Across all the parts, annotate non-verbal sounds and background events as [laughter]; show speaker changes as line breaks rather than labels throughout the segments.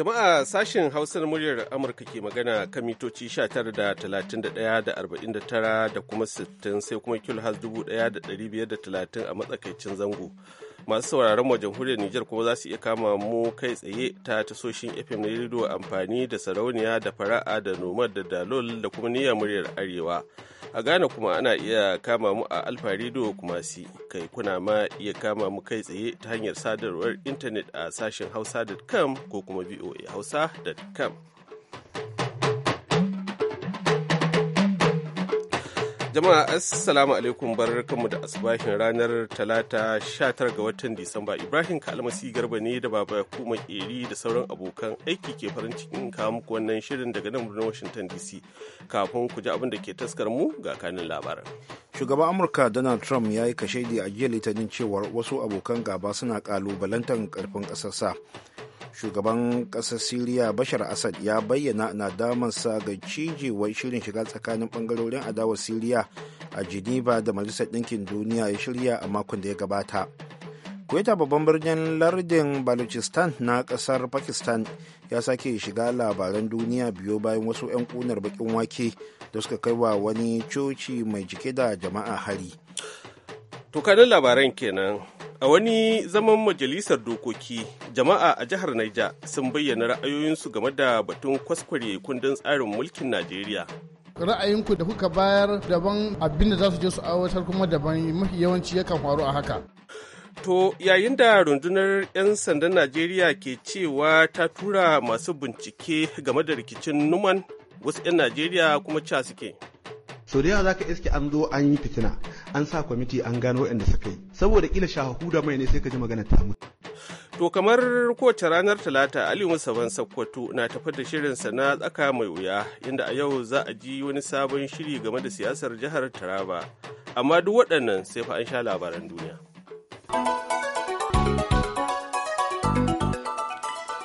Jama'a sashen Hausar muryar Amurka ke magana kan mitoci 19 da 31 da 49 da kuma 60 sai kuma kilohaz 1530 a matsakaicin zango. masu sauraron mu jamhuriyar Nijar kuma za su iya kama mu kai tsaye ta tasoshin FM na rediyo amfani da sarauniya da fara'a da nomad da dalol da kuma niyyar muryar arewa. A Ghana kuma ana iya kama mu a Alfa Radio kuma si kai kuna ma iya kama mu kai tsaye ta hanyar sadarwar intanet a sashen hausa.com ko kuma voa hausa.com. Jama'a assalamu alaikum barkanmu da asubahin ranar talata 19 ga watan Disamba. Ibrahim Kalmasi Garba ne da Baba Kuma Eri da sauran abokan aiki ke farin cikin kawo muku wannan shirin daga nan birnin Washington DC. Kafin ku ji abin da ke taskar mu ga kanin labaran.
Shugaban Amurka Donald Trump ya yi kashedi a jiya litinin cewar wasu abokan gaba suna kalubalantar karfin ƙasarsa. shugaban ƙasar siriya bashar asad ya bayyana sa ga cijewar shirin shiga tsakanin bangarorin adawar siriya a geneva da majalisar ɗinkin duniya ya shirya a makon da ya gabata kweta babban birnin lardin balochistan na ƙasar pakistan ya sake shiga labaran duniya biyo bayan wasu 'yan ƙunar bakin wake da suka kai wa wani coci mai jike da jama'a hari
to kanin labaran kenan A wani zaman majalisar dokoki, jama'a a jihar Naija sun bayyana ra'ayoyinsu game da batun kwaskware kundin tsarin mulkin Najeriya.
Ra'ayinku da kuka bayar daban abinda za su je su aiwatar kuma daban mafi yawanci yakan faru a haka.
To yayin da rundunar 'yan sandan Najeriya ke cewa ta tura masu bincike game da rikicin Numan, wasu 'yan Najeriya kuma ca suke.
Sau da yawa zaka iske an zo an yi
fitina
an sa kwamiti an gano waɗanda suka yi saboda kila shahu da mai ne sai ka ji magana ta mutu
to kamar kowace ranar talata ali Musa ban sakkwato na tafi da shirinsa na tsaka mai wuya inda a yau za a ji wani sabon shiri game da siyasar jihar taraba amma duk waɗannan sai fa an sha labaran duniya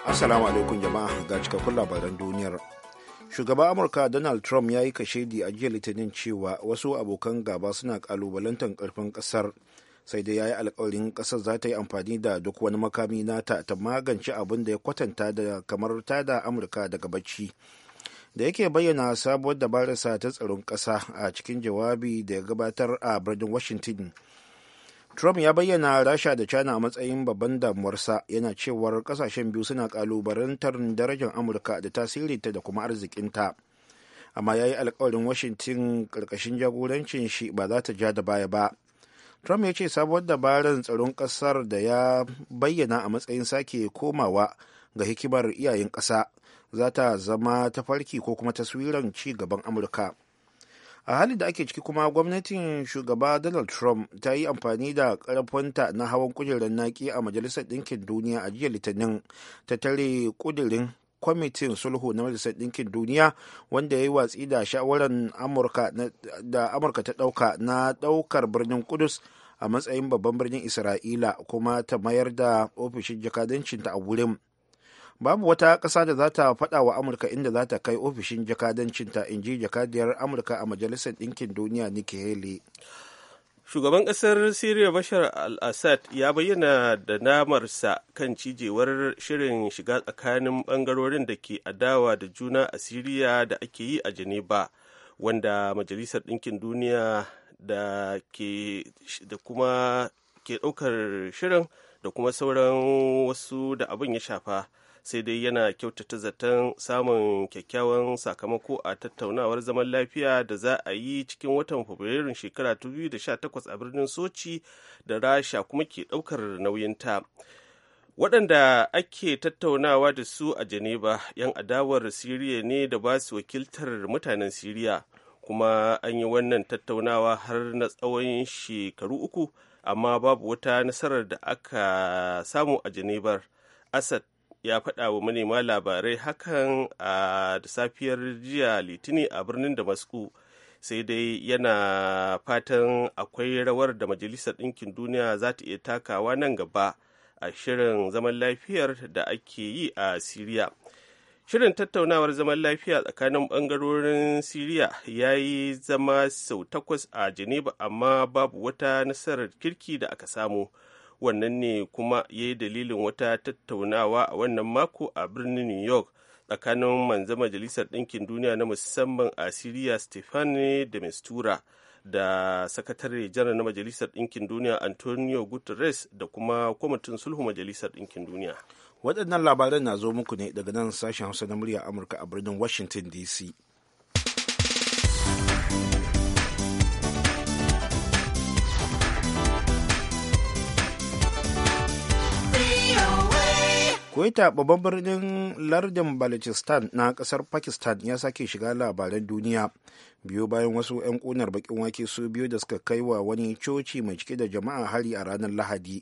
Assalamu alaikum jama'a ga cikakkun labaran duniyar shugaban amurka donald trump ya yi kashedi a jiya litinin cewa wasu abokan gaba suna kalubalantar karfin kasar sai dai ya yi alkawarin kasar za ta yi amfani da duk wani makami nata ta magance abin da ya kwatanta da kamar ta da amurka daga bacci da yake bayyana sabuwar dabararsa ta tsaron kasa a cikin jawabi da ya gabatar a birnin washington Trump ya bayyana Rasha da China a matsayin babban damuwarsa yana cewar kasashen biyu suna kalubarantar darajar Amurka da tasirinta da kuma arzikinta. Amma ya yi alkawarin Washington karkashin jagorancin shi ba za ta ja da baya ba. Trump ya ce sabuwar dabarar tsaron ƙasar da ya bayyana a matsayin sake komawa ga hikimar iyayen ƙasa za ta zama tafarki ko kuma taswiran ci gaban Amurka. a halin da ake ciki kuma gwamnatin shugaba donald trump ta yi amfani da karfinta na hawan kujerar naki a majalisar ɗinkin duniya a jiya litinin ta tare kudirin kwamitin sulhu na majalisar ɗinkin duniya wanda ya yi watsi da shawarar da amurka ta ɗauka na ɗaukar birnin kudus a matsayin babban birnin isra'ila kuma ta mayar da ofishin jakadancinta a wurin babu wata ƙasa da za ta faɗa wa amurka inda za ta kai ofishin jakadancinta in ji jakadiyar amurka a majalisar ɗinkin duniya nikki haley
shugaban ƙasar syria bashar al-assad ya bayyana da namarsa kan cijewar shirin shiga tsakanin ɓangarorin da ke adawa da juna a syria da ake yi a geneva wanda majalisar ɗinkin duniya da ke da kuma ke ɗaukar shirin da kuma sauran wasu da abin ya shafa sai dai yana kyautata zaton samun kyakkyawan sakamako a tattaunawar zaman lafiya da za a yi cikin watan fabrairun shekara 2018 a birnin sochi da rasha kuma ke ɗaukar nauyinta waɗanda ake tattaunawa da su a geneva 'yan adawar siriya ne da ba su wakiltar mutanen siriya kuma an yi wannan tattaunawa har na tsawon shekaru uku amma babu wata nasarar da aka samu a janebar asad ya faɗa wa manema labarai hakan a safiyar jiya litini a birnin damasku sai dai yana fatan akwai rawar da majalisar ɗinkin duniya za ta iya takawa nan gaba a shirin zaman lafiyar da ake yi a siriya shirin tattaunawar zaman lafiya tsakanin ɓangarorin siriya ya yi zama sau takwas a geneva amma babu wata nasarar kirki da aka samu wannan ne kuma ya yi dalilin wata tattaunawa a wannan mako a birnin new york tsakanin manzan majalisar ɗinkin duniya na musamman a siriya stefani da mistura da sakatare janar na majalisar ɗinkin duniya antonio guterres da kuma kwamitin sulhu majalisar
ɗinkin duniya waɗannan labaran na zo muku ne daga nan sashen hausa na murya amurka a birnin washington dc kuwaita babban birnin lardin balochistan na ƙasar pakistan ya sake shiga labaran duniya biyu bayan wasu 'yan kunar bakin wake su biyu da suka kai wa wani coci mai cike da jama'a hari a ranar lahadi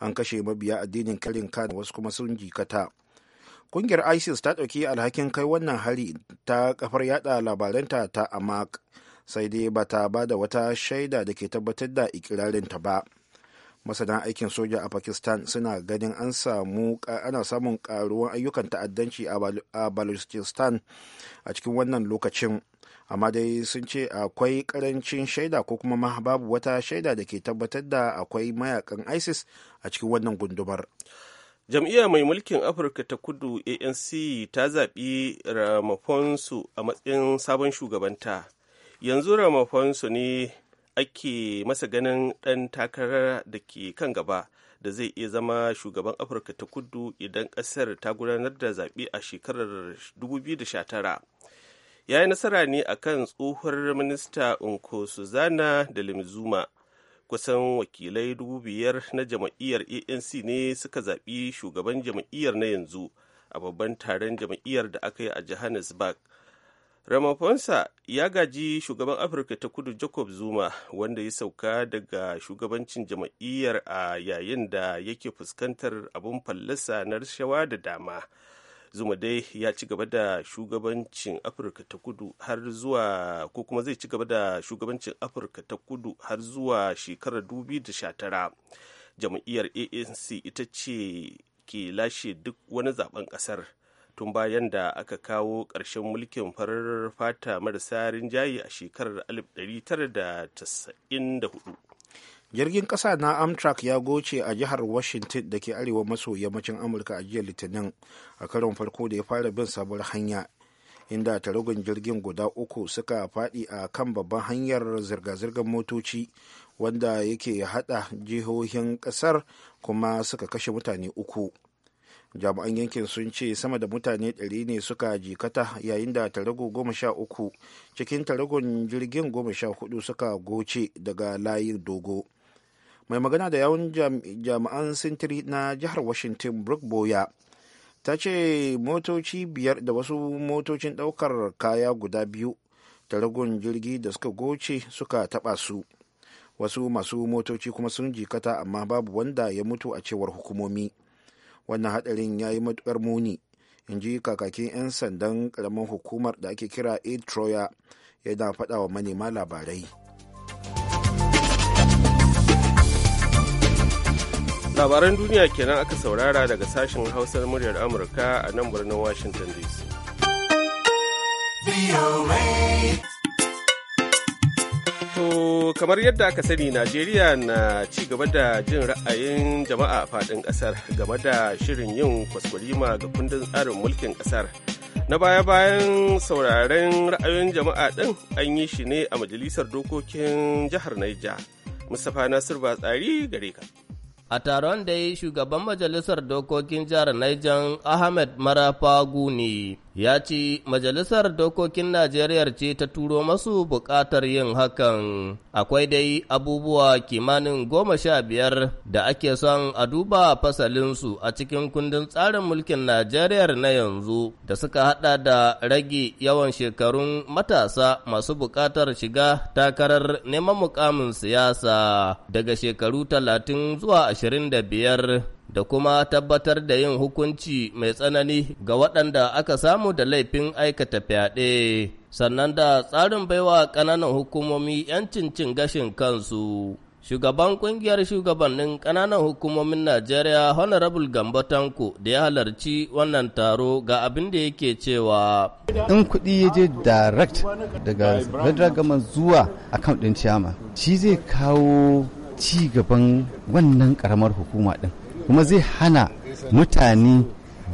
an kashe mabiya addinin karin kada wasu kuma sun jikata kungiyar isis ta ɗauki alhakin kai wannan hari ta kafar yada labaranta ta amak sai dai ba ta ba da wata shaida da ke tabbatar da ikirarinta ba masana aikin soja a pakistan suna ganin an samu ana samun karuwan ayyukan ta'addanci a balochistan a cikin wannan lokacin amma dai sun ce akwai karancin shaida ko kuma babu wata shaida da ke tabbatar da akwai mayakan isis a cikin wannan gundumar
jam'iyyar mai mulkin afirka ta kudu anc ta zaɓi ramafonsu a matsayin sabon shugabanta yanzu ramafonsu ne ake masa ganin ɗan takarar da ke kan gaba da zai iya zama shugaban afirka ta kudu idan ƙasar ta gudanar da zaɓe a shekarar 2019 ya yi nasara ne a kan tsohuwar minista unko suzana da limzuma kusan wakilai dubu biyar na jam'iyyar anc ne suka zaɓi shugaban jam'iyyar na yanzu a babban taron jam'iyyar da aka yi a johannesburg Ramaphosa ya gaji shugaban Afirka ta kudu Jacob Zuma wanda ya sauka daga shugabancin jama'iyyar a yayin da yake fuskantar abun fallasa na rashawa da dama. Zuma dai ya ci gaba da shugabancin Afirka ta kudu har zuwa ko kuma zai ci gaba da shugabancin Afirka ta kudu har zuwa shekarar 2019. Jam'iyyar ANC ita ce ke lashe duk wani zaben kasar. tun bayan da aka kawo ƙarshen mulkin farar fata marasa rinjaye a shekarar 1994
jirgin ƙasa na amtrak ya goce a jihar washington da ke arewa maso yammacin amurka a jiya litinin a karon farko da ya fara bin sabuwar hanya inda tarugun jirgin guda uku suka faɗi a kan babban hanyar zirga-zirgar motoci wanda yake hada jihohin kasar kuma suka kashe mutane uku jami'an yankin sun ce sama da mutane 100 ne suka jikata yayin da tarago goma sha uku cikin taragon jirgin goma sha hudu suka goce daga layin dogo mai magana da yawon jami'an sintiri na jihar washington brook boya ta ce motoci biyar da wasu motocin daukar kaya guda biyu taragon jirgi da suka goce suka taba su wasu masu motoci kuma sun jikata amma babu wanda ya mutu a cewar hukumomi wannan hadarin ya yi matukar muni in ji kakakin 'yan sandan karamin hukumar da ake kira aid troya yana faɗa wa manema labarai
labaran duniya kenan aka saurara daga sashen hausar muryar amurka a nan birnin washington dc To kamar yadda aka sani Najeriya na ci gaba da jin ra'ayin jama'a a faɗin ƙasar game da shirin yin kwaskwarima ga kundin tsarin mulkin kasar Na baya-bayan sauraren ra'ayin jama'a ɗin an yi shi ne a Majalisar Dokokin Jihar Naija. Mustapha Nasir Batsari gare ka.
A taron da ya yi shugaban Majalisar Dokokin Jihar Niger Ahmed Marafa Guni ya ce majalisar dokokin Najeriya ce ta turo masu buƙatar yin hakan. Akwai dai abubuwa kimanin goma sha biyar da ake son a duba fasalinsu a cikin kundin tsarin mulkin Najeriya na yanzu da suka haɗa da rage yawan shekarun matasa masu buƙatar shiga takarar neman mukamin siyasa daga shekaru talatin zuwa ashirin da biyar da kuma tabbatar da yin hukunci mai tsanani ga waɗanda aka samu da laifin aikata fyaɗe, sannan da tsarin baiwa ƙananan hukumomi 'yancin cin gashin kansu. Shugaban ƙungiyar shugabannin ƙananan hukumomin Najeriya Honorable Gambo Tanko da ya halarci wannan taro ga abin da yake cewa. In
kuɗi ya je direct daga federal government zuwa account ɗin ciyama, shi zai kawo ci gaban wannan ƙaramar hukuma ɗin. kuma zai hana
mutane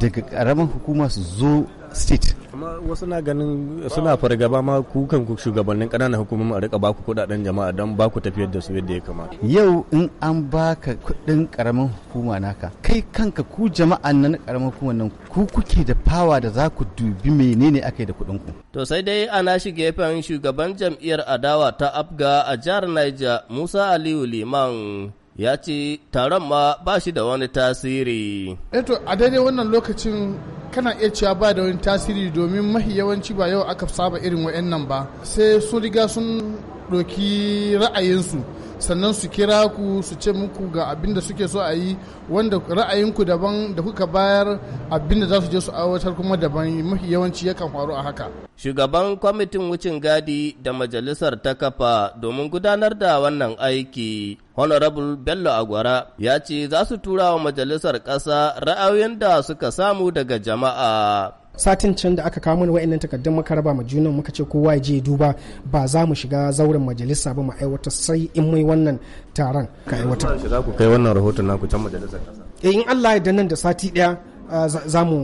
daga karamin
hukuma su zo state amma wasu na ganin suna fargaba ma kukan ku shugabannin ƙananan hukumomi a rika baku kudaden jama'a don baku tafiyar da su yadda ya kamata
yau in an baka kudin karamin hukuma naka kai kanka ku jama'a nan karamin hukuma nan ku kuke da fawa da za ku dubi menene aka yi da kudin
ku to sai dai ana shi gefen shugaban jam'iyyar adawa ta afga a jihar Niger Musa Aliyu Liman ya ce taron ma ba shi da wani tasiri.
Eto a daidai wannan lokacin kana iya cewa ba da wani tasiri domin mahi yawanci ba yau aka saba irin wa'annan ba sai sun riga sun ɗoki ra'ayinsu sannan su kira ku su ce muku ga abin da suke so a yi wanda ra'ayinku daban da kuka bayar abin da za su je su aiwatar kuma daban mafi yawanci yakan faru a haka.
Shugaban kwamitin wucin gadi da majalisar ta kafa domin gudanar da wannan aiki Honorable Bello Agwara ya ce za su tura wa majalisar ƙasa ra'ayoyin da suka samu daga jama'a. satin can da aka kawo mana wa'annan takardun muka raba ma junan muka ce kowa ya je duba ba za mu shiga zauren majalisa ba mu aiwata sai in mai wannan taron ka aiwata za ku kai wannan rahoton naku can majalisar eh, in Allah ya nan da sati daya ah, za mu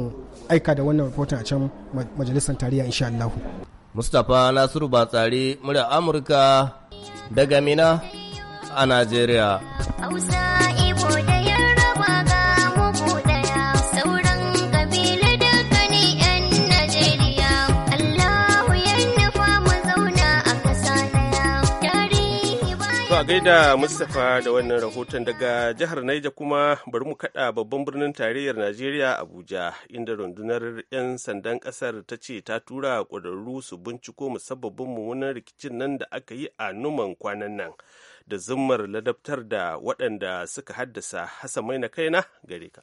aika da wannan rahoton a can majalisar tarayya insha Allah Mustapha Nasiru Batsari murya Amurka daga Mina a Najeriya.
da Mustapha da wannan rahoton daga jihar Naija kuma bari mu kada babban birnin tarayyar Najeriya Abuja inda rundunar 'yan sandan kasar ta ce ta tura kwararru su binciko musabbabin mummunan rikicin nan da aka yi a numan kwanan nan da zummar ladabtar da waɗanda suka haddasa hasa mai na kaina gare ka.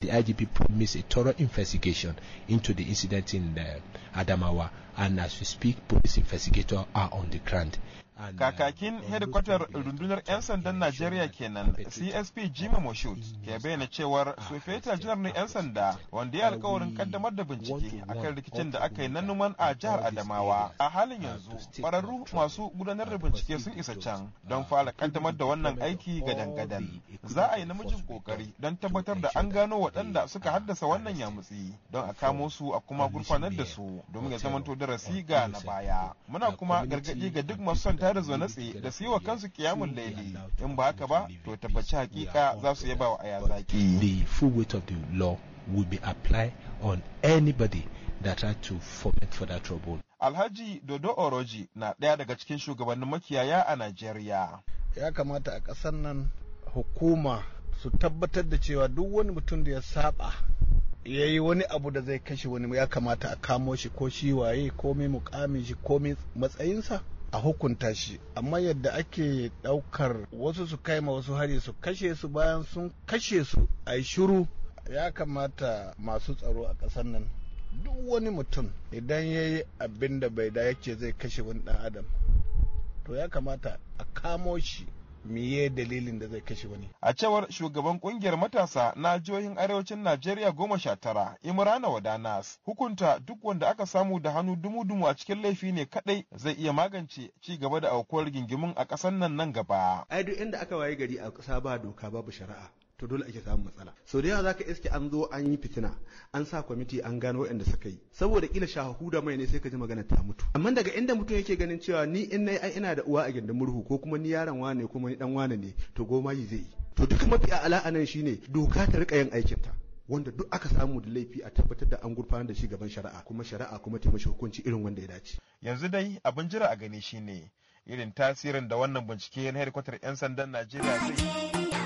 The IGP promised a thorough investigation into the incident in uh, Adamawa and as we speak police investigators are on the ground.
Uh, Kakakin hedikwatar rundunar 'yan sandan Najeriya kenan CSP Jima Moshut ke bayyana cewar su fetar janar na 'yan sanda wanda ya alkawarin kaddamar da bincike akan rikicin da aka yi na numan a jihar Adamawa. A halin yanzu, ƙwararru masu gudanar da bincike sun isa can don fara kaddamar da wannan aiki gadan-gadan. Za a yi namijin kokari don tabbatar da an gano waɗanda suka haddasa wannan yamutsi don a kamo su a kuma gurfanar da su domin ya zamanto darasi ga na baya. Muna kuma gargaɗi ga duk masu son da zo natsi da su yi wa kansu kiyamun laili in ba haka ba to tabbaci hakika za su yaba wa yazaki the full
weight of the law will be applied on anybody that tried to foment for that
trouble alhaji dodo oroji na ɗaya daga cikin shugabannin makiyaya a najeriya
ya kamata a ƙasar nan hukuma su tabbatar da cewa duk wani mutum da ya saba ya yi wani abu da zai kashe wani ya kamata a kamo shi ko shi waye ko mai mukamin shi ko matsayinsa a hukunta shi amma yadda ake ɗaukar wasu su kai ma wasu hari su kashe su bayan sun kashe su a yi shiru ya kamata masu tsaro a ƙasar nan duk wani mutum idan ya yi abin da bai da yake zai kashe wani ɗan adam to ya kamata a kamo
shi meye dalilin da zai kashe wani. A cewar shugaban kungiyar matasa na jihohin arewacin Najeriya goma sha tara Imrana Wadanas hukunta duk wanda aka samu da hannu dumu-dumu a cikin laifi ne kadai zai iya magance ci gaba da aukuwar gingimin a ƙasar nan nan gaba.
Ai duk inda aka waye gari a ƙasa ba doka babu shari'a. to dole ake samun matsala so da yawa zaka iske an zo an yi fitina an sa kwamiti an gano waɗanda suka yi saboda kila shahu da mai ne sai ka ji magana ta mutu amma daga inda mutum yake ganin cewa ni in nayi ai ina da uwa a gindin murhu ko kuma ni yaron wane kuma ni dan wane ne to goma yi zai yi to duk mafi ala'a shi shine doka ta rika yin aikinta
wanda duk aka samu da laifi a tabbatar da an gurfanar da shi gaban shari'a kuma shari'a kuma ta mashi hukunci irin wanda ya dace yanzu dai abin jira a gani shine irin tasirin da wannan bincike na hedikwatar 'yan sandan najeriya zai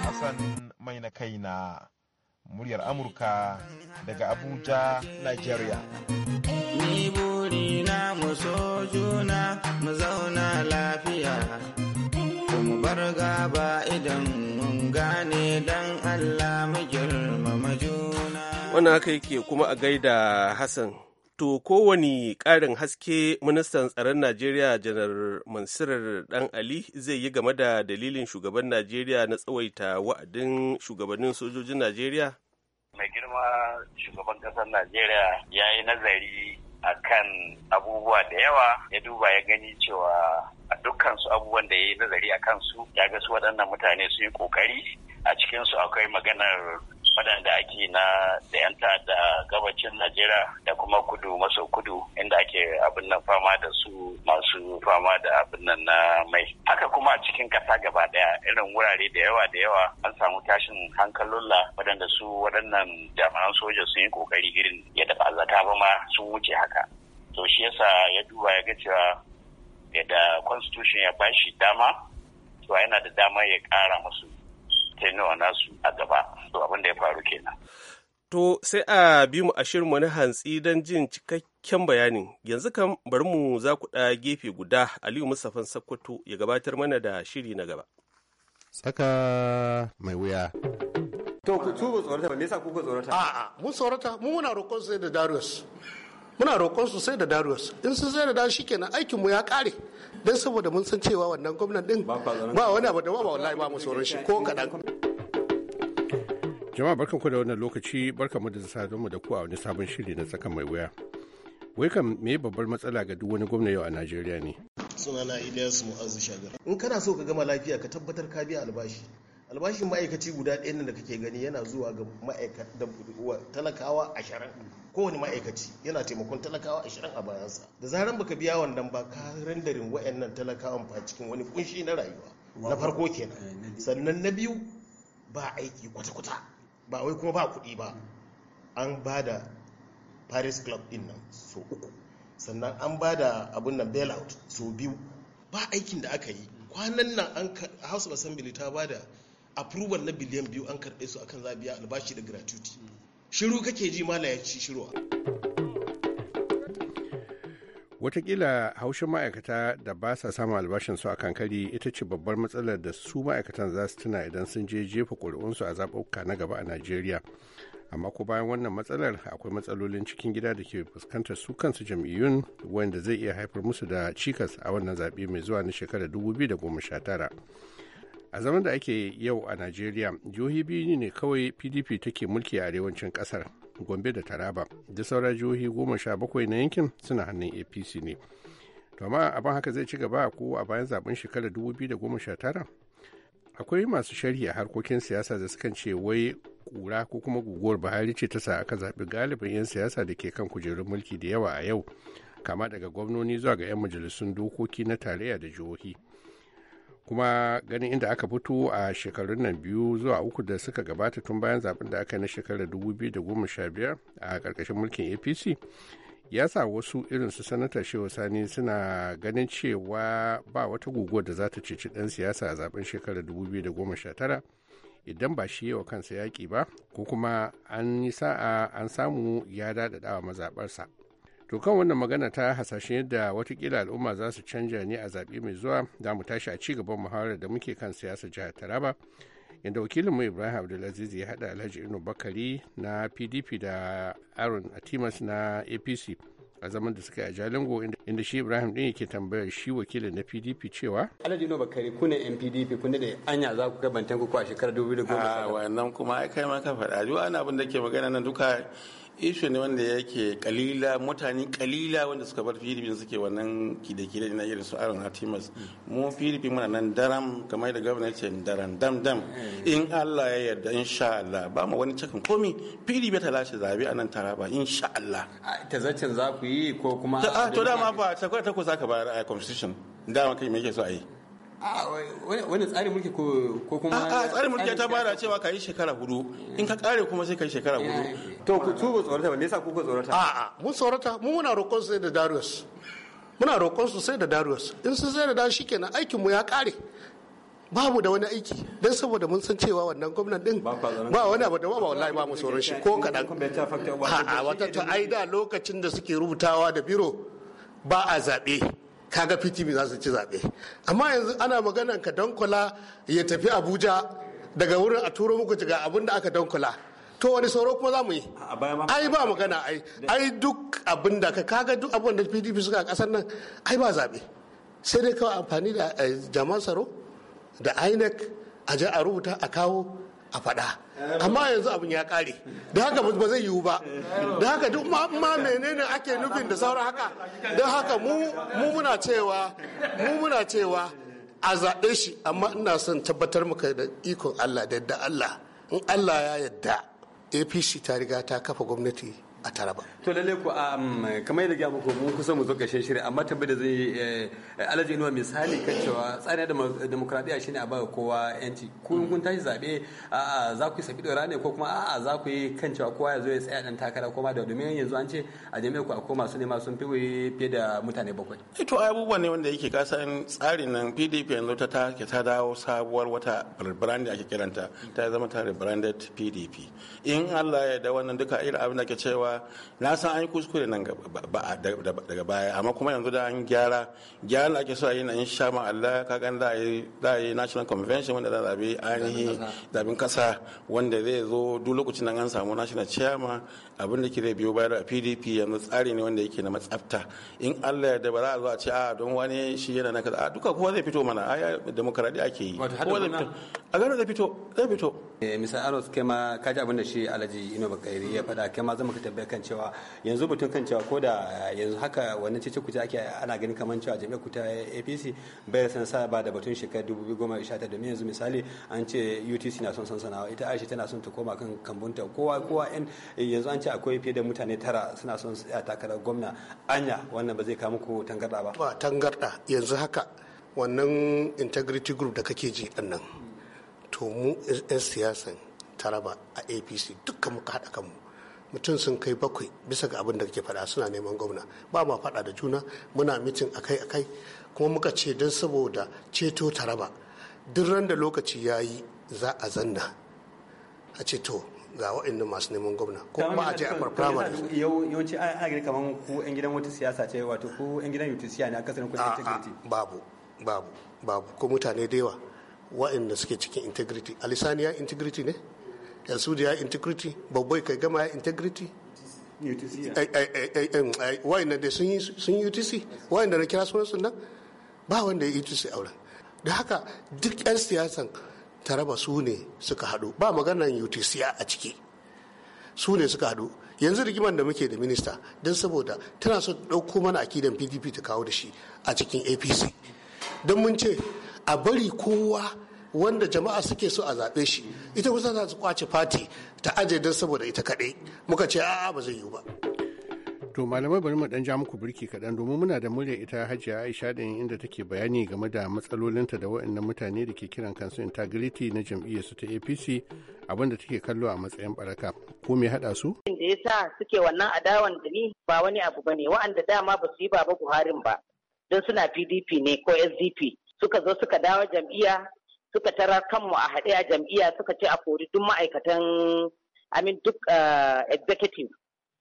hassan mai na kaina muryar amurka daga abuja nigeria ni buri na mu so juna mu zauna lafiya mu
bar gaba idan mun gane dan allah mu girmama juna
wannan haka yake kuma a gaida hassan To kowane ƙarin haske ministan tsaron Najeriya janar Mansirar Dan Ali zai yi game da dalilin shugaban Najeriya na tsawaita wa'adin shugabannin sojojin Najeriya?
Mai girma
shugaban ƙasar Najeriya ya yi nazari a kan abubuwa da yawa ya duba ya gani cewa a dukkan su abubuwan da ya yi nazari a kansu ya ga su waɗannan mutane sun yi ƙoƙari a cikinsu akwai maganar waɗanda ake na da yanta da gabacin Najeriya da kuma kudu maso kudu inda ake abin nan fama da su masu fama da abin nan na mai. Haka kuma a cikin ƙasa gaba ɗaya irin wurare da yawa da yawa an samu tashin hankalola waɗanda su waɗannan jami'an soja sun yi ƙoƙari irin yadda ba zata ba ma sun wuce haka. To shi yasa ya duba ya ga cewa yadda constitution ya bashi dama cewa yana da dama ya ƙara musu nawa nasu a gaba to abin da ya faru kenan
to sai a bi mu a wani na hantsi don jin cikakken bayanin yanzu kan bari mu za ku ɗa gefe guda aliyu musafan sakkwato ya gabatar mana da shiri na gaba
tsaka mai wuya
to ku tsorata ba me yasa
kuka tsorata a'a mun tsorata mu muna roƙon sai da Darius muna roƙon su sai da daruwarsu, in sun sai da shi shikenan aikin mu ya kare dan saboda mun san cewa wannan gwamnan din ba wani abu da ba wallahi ba mu tsoron shi ko kadan
jama'a ku da wannan lokaci mu da sadon mu da ku a wani sabon shiri na tsakan mai wuya wai kam me babbar matsala ga duk wani gwamna yau a Najeriya ne
sunana Ilyas Mu'azzu Shagar in kana so ka gama lafiya ka tabbatar ka biya albashi albashin ma'aikaci guda ɗaya da kake gani yana zuwa ga ma'aikatan talakawa ashirin kowane ma'aikaci yana taimakon talakawa ashirin a bayansa da zaran baka biya wannan ba ka rendarin wayannan talakawan fa cikin wani kunshi na rayuwa na farko kenan eh, sannan na biyu ba aiki kwata-kwata ba wai kuma ba kuɗi
ba an ba da paris club din nan so uku sannan
an ba da abun nan bailout so biyu ba aikin da aka yi kwanan nan an house of assembly ta ba da approval na biliyan biyu an karɓe su akan zabiya albashi da gratuity
shiru kake ji mala ya ci shiru
watakila haushin ma'aikata da ba sa samun albashin su a kankari ita ce babbar matsalar da su ma'aikatan za su tuna idan sun je jefa ƙuri'unsu a zaɓuɓɓuka na gaba a najeriya amma ko bayan wannan matsalar akwai matsalolin cikin gida da ke fuskantar su kansu jam'iyyun wanda zai iya haifar musu da cikas a wannan zaɓe mai zuwa na shekarar 2019 a zaman da ake yau a najeriya jihohi biyu ne kawai pdp take mulki a arewacin kasar gombe da taraba da saura jihohi goma sha bakwai na yankin suna hannun apc ne to amma abin haka zai ci gaba ko a bayan zaben shekarar tara. akwai masu sharhi a harkokin siyasa da sukan ce wai kura ko kuma guguwar buhari ce ta sa aka zaɓi galibin 'yan siyasa da ke kan kujerun mulki da yawa a yau kama daga gwamnoni zuwa ga 'yan majalisun dokoki na tarayya da jihohi kuma ganin inda aka fito a shekarun nan biyu zuwa uku da suka gabata tun bayan zaben da aka yi na shekarar 2015 a karkashin mulkin apc ya sa wasu irin su sanata shehu sani suna ganin cewa ba wata guguwar da za ta ceci ɗan siyasa a zaben shekarar 2019 idan ba shi yawa kansa yaƙi ba ko kuma an yi sa'a an samu ya daɗaɗawa mazaɓarsa to kan wannan magana ta hasashen yadda watakila al'umma za su canja ne a zaɓe mai zuwa za mu tashi a cigaban muhawarar da muke kan siyasar jihar taraba inda wakilinmu ibrahim abdulaziz ya haɗa alhaji inu bakari na pdp da aaron atimas na apc a zaman da suka yi a jalingo inda shi ibrahim din yake tambayar shi wakilin na pdp cewa
alhaji inu bakari ku ne yan pdp
kun da anya za ku kai ku a shekarar 2010 a ah, wannan kuma ai kai ma kan faɗa juwa ana abin da ke magana nan duka Ishe ne wanda yake kalila mutane kalila wanda suka bar filifin suke wannan kide-kide na irin su aron artemis mu filifin muna nan daram kamar da gwamnati ce daram dam dam eh. in allah ya yarda insha allah ba mu wani cikin komi filifin ta lashe zabi a nan taraba insha allah ta zaccen za ku yi ko kuma to dama ba ta kwata ku za ka bayar a constitution dama kai me yake so a yi wani tsarin mulki ko kuma a tsarin mulki ta bada cewa ka yi shekara hudu eh. in ka kare kuma sai ka yi shekara hudu to ku tuba tsorata ba me yasa kuka tsorata a a mu tsorata mu muna roƙon sai da Darius
muna roƙon su sai da Darius in sun sai da shi shikenan aikin mu ya kare babu da wani aiki don saboda mun san cewa wannan gwamnan din ba wani abu da ba wallahi ba mu tsoron shi ko kadan a wata ta aida lokacin da suke rubutawa da biro ba a zaɓe kaga ptp za su ci zaɓe amma yanzu ana maganan ka kula ya tafi abuja daga wurin a turo muku ga abin da aka kula. to wani sauro kuma za mu yi ai ba magana ai ai duk abin da ka kaga duk abin da pdp suka a ƙasar nan ai ba zaɓe sai dai kawai amfani da eh, jaman tsaro da inec a je a rubuta a kawo a faɗa amma yanzu abin ya ƙare da haka ba zai yiwu ba da haka duk ma menene ake nufin da sauran haka da haka mu muna cewa mu muna cewa a zaɓe shi amma ina son tabbatar muka da ikon Allah da yadda Allah in Allah ya yadda APC
ta riga ta kafa gwamnati a Taraba to lalle ku um, kamar yadda gaba ko mun kusa mu zo ƙarshen shiri amma tambayar da zai eh, alaji inuwa misali kan cewa tsarin demokradiyya shine a bawa kowa yanci ku kun tashi zabe a'a za ku sabi dora ne ko kuma a'a za ku yi kan cewa kowa ya zo ya tsaya dan takara kuma da domin yanzu an ce a jami'a ku akwai masu nema sun fi fiye da mutane bakwai
e to abubuwan ne wanda yake kasan tsarin nan PDP yanzu ta take ta dawo sabuwar wata brand ake kiranta ta zama ta rebranded PDP in Allah ya da wannan duka irin abin da ke cewa na san an yi kuskure nan daga baya amma kuma yanzu da an gyara gyara da ake so a yi na in sha ma Allah ka gan da yi national convention wanda za a ainihin zabin kasa wanda zai zo duk lokacin nan an samu national chairman abin da ke zai biyo bayar a PDP yanzu tsari ne wanda yake na matsafta in Allah ya dabara a zo a ce a ah, don wani shi yana na kaza duka kowa zai fito mana a demokaradi ake yi kowa zai fito a gano zai fito zai fito. Eh, Aros kema kaji abin da shi Alhaji Ino
Bakari ya faɗa kema zama ka tabbatar kan cewa yanzu mutum kan cewa ko da yanzu haka wannan cece kuce ake ana ganin kamar cewa jami'ar kuta apc bai san sa ba da batun shekarar 2019 domin yanzu misali an ce utc na son sansana ita aisha tana son ta koma kan kambunta kowa kowa yan yanzu an ce akwai fiye da mutane tara suna son a takarar gwamna anya wannan ba zai kawo muku tangarda ba ba tangarda
yanzu haka wannan integrity group da kake ji din nan to mu 'yan siyasan taraba a apc dukkan muka haɗa kanmu mutum sun kai bakwai bisa ga abin da kake faɗa suna neman gwamna ba ma faɗa da juna muna mitin akai akai kuma muka ce don saboda ceto taraba duk ran da lokaci ya yi za a zanna a ceto ga wa'inda masu neman gwamna ko kuma a je a primary
yawanci ana gani kamar ku yan gidan wata siyasa ce wato ku yan gidan utisiya ne a kasar kusa integrity babu
babu babu ko mutane da yawa wa'inda suke cikin integrity alisaniya integrity ne yanzu da ya integrity babbai kai gama ya integrity wayan da sun yi utc da na kira sunan nan ba wanda ya yi utc a wurin da haka duk 'yan siyasan taraba su ne suka haɗu ba maganar utc a ciki su ne suka haɗu yanzu rigiman da muke da minista don saboda tana so ɗauko mana akidan pdp ta kawo da shi a cikin apc don mun ce a bari kowa wanda jama'a suke so a zaɓe shi ita kusa za su kwace fati ta aje don saboda ita
kaɗai muka ce a'a ba zai yiwu ba to malamai bari mu dan ja muku birki kaɗan domin muna da murya ita hajiya aisha ɗin inda take bayani game da matsalolinta da waɗannan mutane da ke kiran kansu integrity na jam'iyyar su ta apc abinda take kallo a matsayin baraka ko me haɗa su.
da ya sa suke wannan adawan da ni ba wani abu ba ne wa'anda dama ba su yi baba buharin ba don suna pdp ne ko sdp suka zo suka dawo jam'iyya suka tarar kanmu a haɗe a jam'iyya suka ce a kori duk ma'aikatan amin duk uh, executive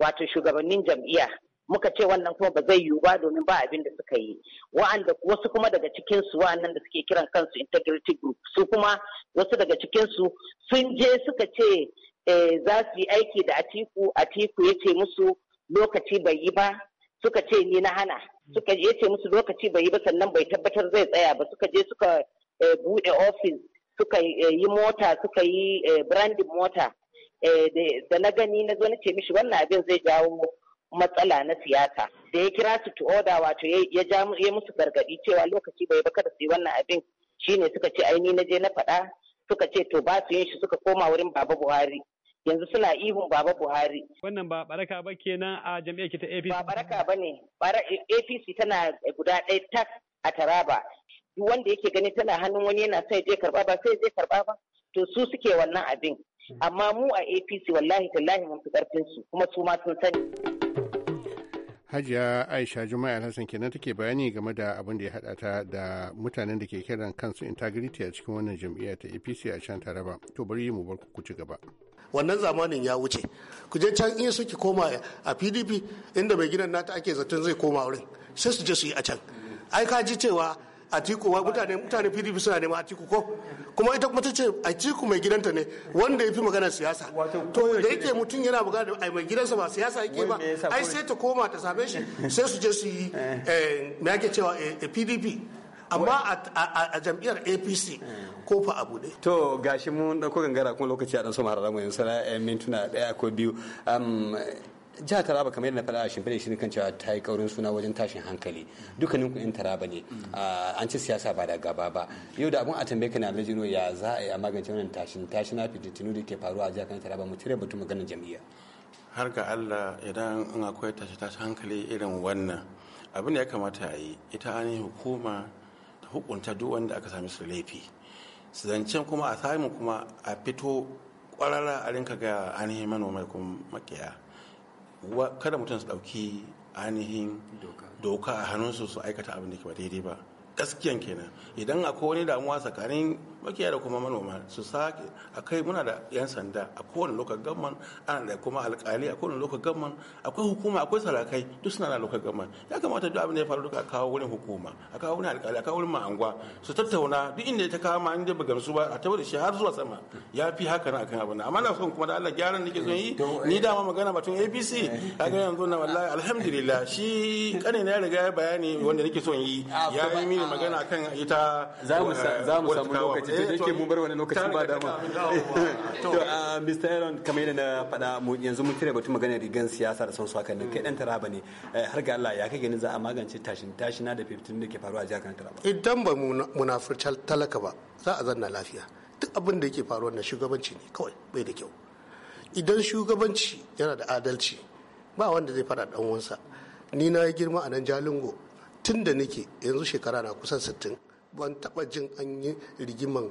wato shugabannin jam'iyya muka ce wannan kuma ba zai yiwu ba domin ba abin da suka yi wa'anda wasu kuma daga cikin su wa'annan da suke kiran kansu integrity group su kuma wasu daga cikin su sun je suka ce eh, za su yi aiki da atiku atiku ya ce musu lokaci bai yi ba suka ce ni na hana suka je ce musu lokaci bai yi ba sannan bai tabbatar zai tsaya ba suka je suka Eh, Bude ofis suka eh, yi mota suka yi eh, brandin mota da na gani na zo na ce mishi wannan abin zai jawo matsala na siyasa da ya kira su to order wato ya ja ya musu gargadi cewa lokaci bai ba kada su yi wannan abin shine suka ce aini na je na faɗa suka ce to ba su yin shi suka koma wurin baba buhari yanzu suna ihun baba buhari wannan ba baraka ba kenan a jami'a ki ta APC ba baraka bane APC tana guda ɗaya tak a Taraba duk wanda yake gani tana hannun wani yana sai zai karba ba sai zai karba ba to su suke wannan abin amma mu a APC wallahi tallahi mun fi karfin su kuma su ma sun sani
Hajiya Aisha Juma'a Hassan kenan take bayani game da abin da ya hada ta da mutanen da ke kiran kansu integrity a cikin wannan jami'a ta APC a can Taraba. To bari mu bar ku ci gaba.
Wannan zamanin ya wuce. Ku je can in suke koma a PDP inda mai gidan nata ake zaton zai koma wurin. Sai su je su yi a can. Ai ka ji cewa atiku wai mutane mutane pdp suna neman atiku ko kuma ita kuma tace atiku mai gidanta ne wanda yafi magana siyasa to da yake mutum yana magana ai mai gidansa ba siyasa yake ba ai sai ta koma ta same shi [laughs] sai su je su yi eh. Eh, me ake cewa pdp eh, amma a jam'iyyar apc
ko fa abu ne to gashi mun dauko gangara kuma lokaci a dan sama har harara mu yanzu mintuna daya ko biyu jihar taraba kamar yadda na faɗa a shimfiɗa shirin kan cewa ta yi kaurin suna wajen tashin hankali dukkanin ku 'yan taraba ne ah, an ci siyasa ba da gaba ba yau da abun a tambaye ka na lajino
ya za a yi a magance wannan
tashin tashin na fitintinu da ke faruwa a jihar kan taraba mu
cire batun maganar jam'iyya har ga allah idan an akwai tashi tashi hankali irin wannan abin da ya kamata a yi ita ainihin hukuma ta hukunta duk wanda aka sami su laifi su zancen kuma a samu kuma a fito kwarara a rinka ga ainihin manoma kuma makiya kada mutum su ɗauki ainihin doka a hannunsu su aikata abin da ke ba daidai ba gaskiyan kenan idan akwai wani damuwa tsakanin makiyaya da kuma manoma su sake akai muna da yan sanda a kowane local gamman ana da kuma alkali a kowane local gamman akwai hukuma akwai sarakai duk suna da local gamman ya kamata duk abin da ya faru duka a kawo wurin hukuma a kawo wurin alkali a kawo wurin ma'angwa su tattauna duk inda ta kama an ba gamsu ba a tabbata shi har zuwa sama ya fi haka na akan abin amma na son kuma da Allah gyaran nake son yi ni dama magana batun APC kaga yanzu na wallahi alhamdulillah shi kane na riga ya bayani wanda nake son yi ya yi mini magana akan ita za mu eh, samu lokaci Eh, da
yake mun bar wani lokaci ba dama [laughs] to
ah, Mr. Aaron kamar yadda na faɗa
yanzu mun kire batu magana rigan siyasa da son su hakan kai dan taraba ne eh, har ga Allah ya kai ganin za a magance tashin tashina da fitin da ke faruwa a jihar Taraba
idan ba munafurcal talaka ba za a zanna lafiya duk abin da yake faruwa na shugabanci ne kawai bai da kyau idan shugabanci yana da adalci ba wanda zai faɗa ɗan wansa ni na yi girma a nan jalingo tun da nake yanzu shekara na kusan sittin ban taba jin an yi rigiman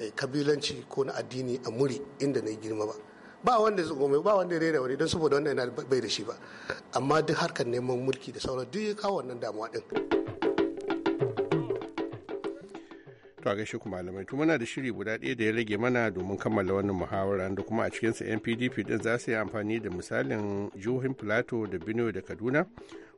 eh, kabilanci ko na addini a muri inda na girma ba ba wanda gome ba wanda rera wani don saboda wanda yana bai da shi ba amma duk harkar neman mulki da sauran duk ya kawo wannan damuwa din
to a gaishe kuma malamai to muna da shiri guda ɗaya da ya rage mana domin kammala wannan muhawara da kuma a cikinsa yan pdp din za su yi amfani da misalin jihohin plateau da benue da kaduna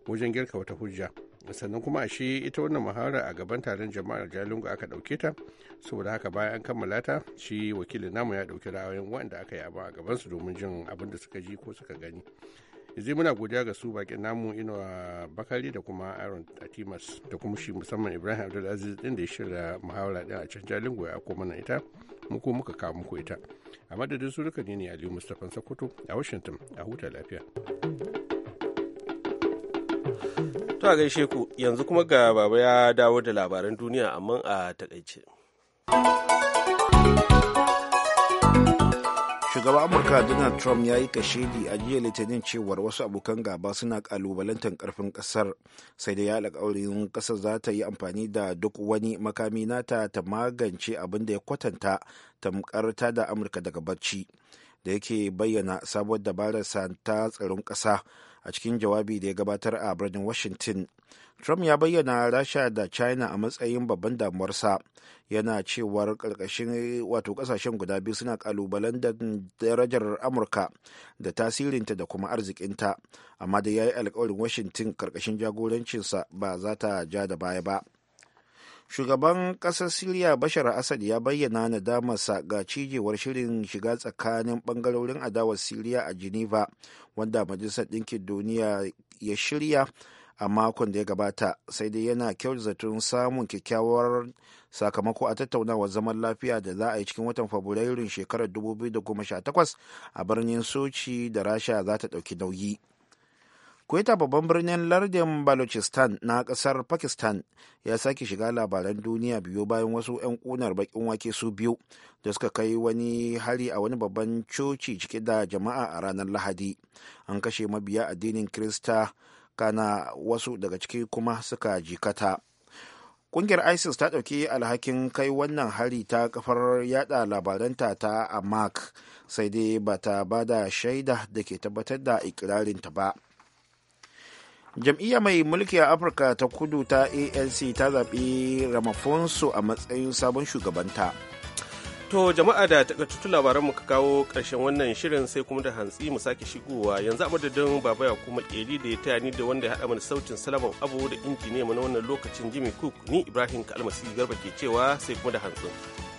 wajen girka wata hujja sannan kuma shi ita wannan muhara a gaban taron jama'ar jalingo aka dauke ta saboda haka bayan an kammala ta shi wakilin namu ya dauki ra'ayoyin wanda aka yaba a gaban su domin jin abin da suka ji ko suka gani yanzu muna godiya ga su bakin namu inuwa bakari da kuma aaron atimas da kuma shi musamman ibrahim abdulaziz din da ya shirya muhawara din a can jalingo ya koma na ita mu ko muka kawo muku ita a madadin su duka ne aliyu mustapha sokoto a washington
a huta lafiya. To a gaishe ku yanzu kuma ga baba ya dawo da labaran duniya amma a takaice.
shugaban amurka donald trump ya yi kashedi a jiya litinin cewar wasu abokan gaba suna kalubalantar karfin kasar sai dai ya alƙawarin kasar za ta yi amfani da duk wani makami nata ta magance abin da ya kwatanta tamkar ta da amurka daga barci da yake bayyana sabuwar dabararsa ta tsaron ƙasa a cikin jawabi da ya gabatar a birnin washington trump ya bayyana rasha da china a matsayin babban damuwarsa yana cewar karkashin wato kasashen guda biyu suna kalubalen da darajar amurka da tasirinta da kuma arzikinta amma da ya yi alkawarin washington karkashin jagorancinsa ba za ta ja da baya ba shugaban ƙasar siriya bashar asad ya bayyana nadamarsa ga cijewar shirin shiga tsakanin ɓangarorin adawar siriya a geneva wanda majalisar ɗinkin duniya ya shirya a makon da ya gabata sai dai yana kyau zaton samun kyakkyawar sakamako a tattaunawar zaman lafiya da za a yi cikin watan fabrairun shekarar 2018 a birnin soci da rasha za ta ɗauki nauyi. Kweta babban birnin lardin Balochistan na kasar Pakistan ya sake shiga labaran duniya biyu bayan wasu 'yan kunar bakin wake su biyu da suka kai wani hari a wani babban coci cike da jama'a a ranar Lahadi. An kashe mabiya addinin Kirista kana wasu daga ciki kuma suka jikata. kungiyar ISIS ta ɗauki alhakin kai wannan hari ta kafar yada labaranta ta Amak sai dai ba ta ba shaida da ke tabbatar da ikirarinta ba. jam'iyya mai mulki a afirka ta kudu ta anc ta zaɓi ramafonsu a matsayin sabon shugabanta
to jama'a da takaitattun labaran ka kawo ƙarshen wannan shirin sai kuma da hantsi mu sake shigowa yanzu a madadin baba kuma ƙeri da ya taya ni da wanda ya haɗa mana sautin salaman abu da injiniya mu na wannan lokacin jimmy cook ni ibrahim kalmasi garba ke cewa sai kuma da hantsi